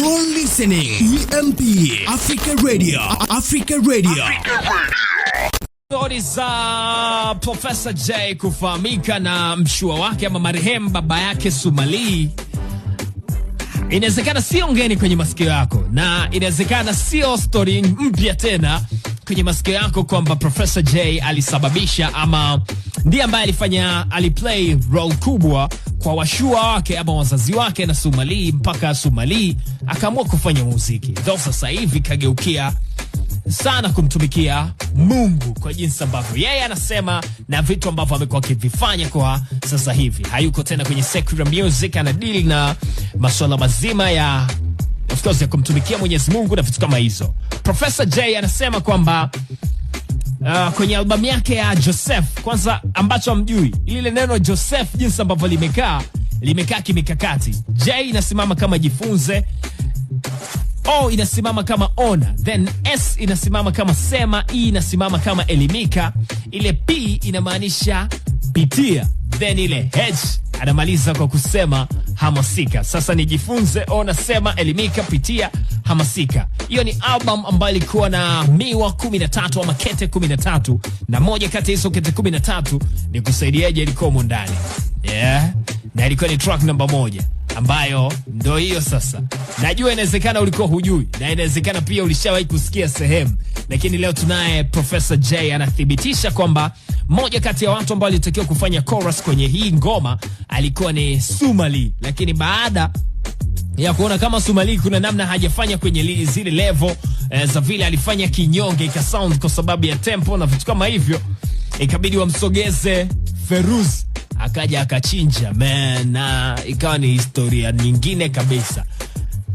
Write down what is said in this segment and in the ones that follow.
You're listening EMP Africa Radio, Africa Radio, Africa Radio. za Profesa J kufahamika na mshua wake ama marehemu baba yake Sumali inawezekana sio ngeni kwenye masikio yako, na inawezekana sio stori mpya tena kwenye masikio yako kwamba Profesa j alisababisha ama ndiye ambaye alifanya aliplay role kubwa kwa washua wake ama wazazi wake na Sumali mpaka Sumali akaamua kufanya muziki, ndo sasa hivi kageukia sana kumtumikia Mungu kwa jinsi ambavyo yeye anasema na vitu ambavyo amekuwa akivifanya kwa sasa hivi. Hayuko tena kwenye secular music, anadili na masuala mazima ya of course ya kumtumikia Mwenyezi Mungu na vitu kama hizo. profesa J anasema kwamba uh, kwenye albamu yake ya Joseph. Kwanza ambacho amjui lile neno Joseph, jinsi ambavyo limekaa limekaa kimikakati. J inasimama kama jifunze, O inasimama kama ona, then S inasimama kama sema, E inasimama kama elimika, ile P inamaanisha pitia, then ile H anamaliza kwa kusema hamasika. Sasa nijifunze, ona, sema, elimika, pitia Hamasika. Hiyo ni album ambayo ilikuwa na miwa 13 ama kete 13, na moja kati ya hizo kete 13 ni kusaidiaje ilikuwa humo ndani yeah. Na ilikuwa ni track namba moja ambayo ndo hiyo sasa. Najua inawezekana ulikuwa hujui, na inawezekana pia ulishawahi kusikia sehemu, lakini leo tunaye Professor J anathibitisha kwamba moja kati ya watu ambao alitakiwa kufanya chorus kwenye hii ngoma alikuwa ni Sumali, lakini baada ya kuona kama Sumali kuna namna hajafanya kwenye li, zile level eh, za vile alifanya kinyonge ika sound kwa sababu ya tempo na vitu kama hivyo, ikabidi wamsogeze Feruz akaja akachinja man, na ikawa ni historia nyingine kabisa.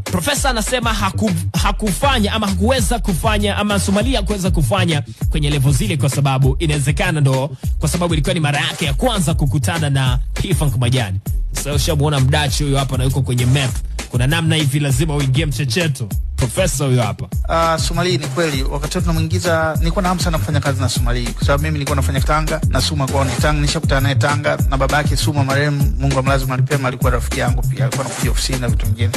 Profesa anasema haku, hakufanya ama hakuweza kufanya ama Somalia kuweza kufanya kwenye levo zile, kwa sababu inawezekana ndo kwa sababu ilikuwa ni mara yake ya kwanza kukutana na P Funk Majani. Sasa so, ushamuona mdachi huyo hapa na yuko kwenye map kuna namna hivi lazima uingie mchecheto. Profesa huyo hapa. Uh, ah, Sumali ni kweli wakati tunamuingiza, nilikuwa na hamu sana kufanya kazi na Sumali kwa sababu mimi nilikuwa nafanya Tanga na Suma kwao, ni Tanga, nishakutana naye Tanga na baba yake Suma marehemu, Mungu amlaze mahali pema, alikuwa rafiki yangu pia, alikuwa anakuja ofisini na vitu vingine,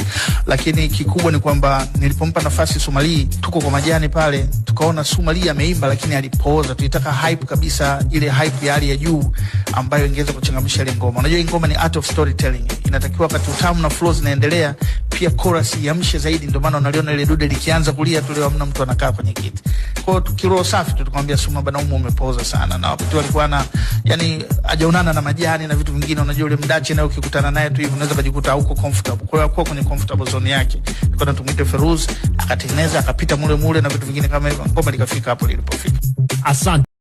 lakini kikubwa ni kwamba nilipompa nafasi Sumali, tuko kwa majani pale, tukaona Sumali ameimba, lakini alipooza. Tulitaka hype kabisa, ile hype ya hali ya juu ambayo ingeweza kuchangamsha ile ngoma. Unajua, ngoma ni art of storytelling, inatakiwa wakati utamu na flow zinaendelea pia chorus iamshe zaidi, ndio maana unaliona ile dude likianza kulia tu, leo hamna mtu anakaa kwenye kiti. Kwa hiyo kiroho safi tu tukamwambia Suma bana, umu umepoza sana, na wakati walikuwa na yani hajaonana na majani na vitu vingine, unajua ule mdachi naye ukikutana naye tu hivi unaweza kujikuta huko comfortable. Kwa hiyo alikuwa kwenye comfortable zone yake, tukaona tumuite Feruz, akatengeneza akapita mule mule na vitu vingine kama hivyo, ngoma likafika hapo lilipofika. Asante.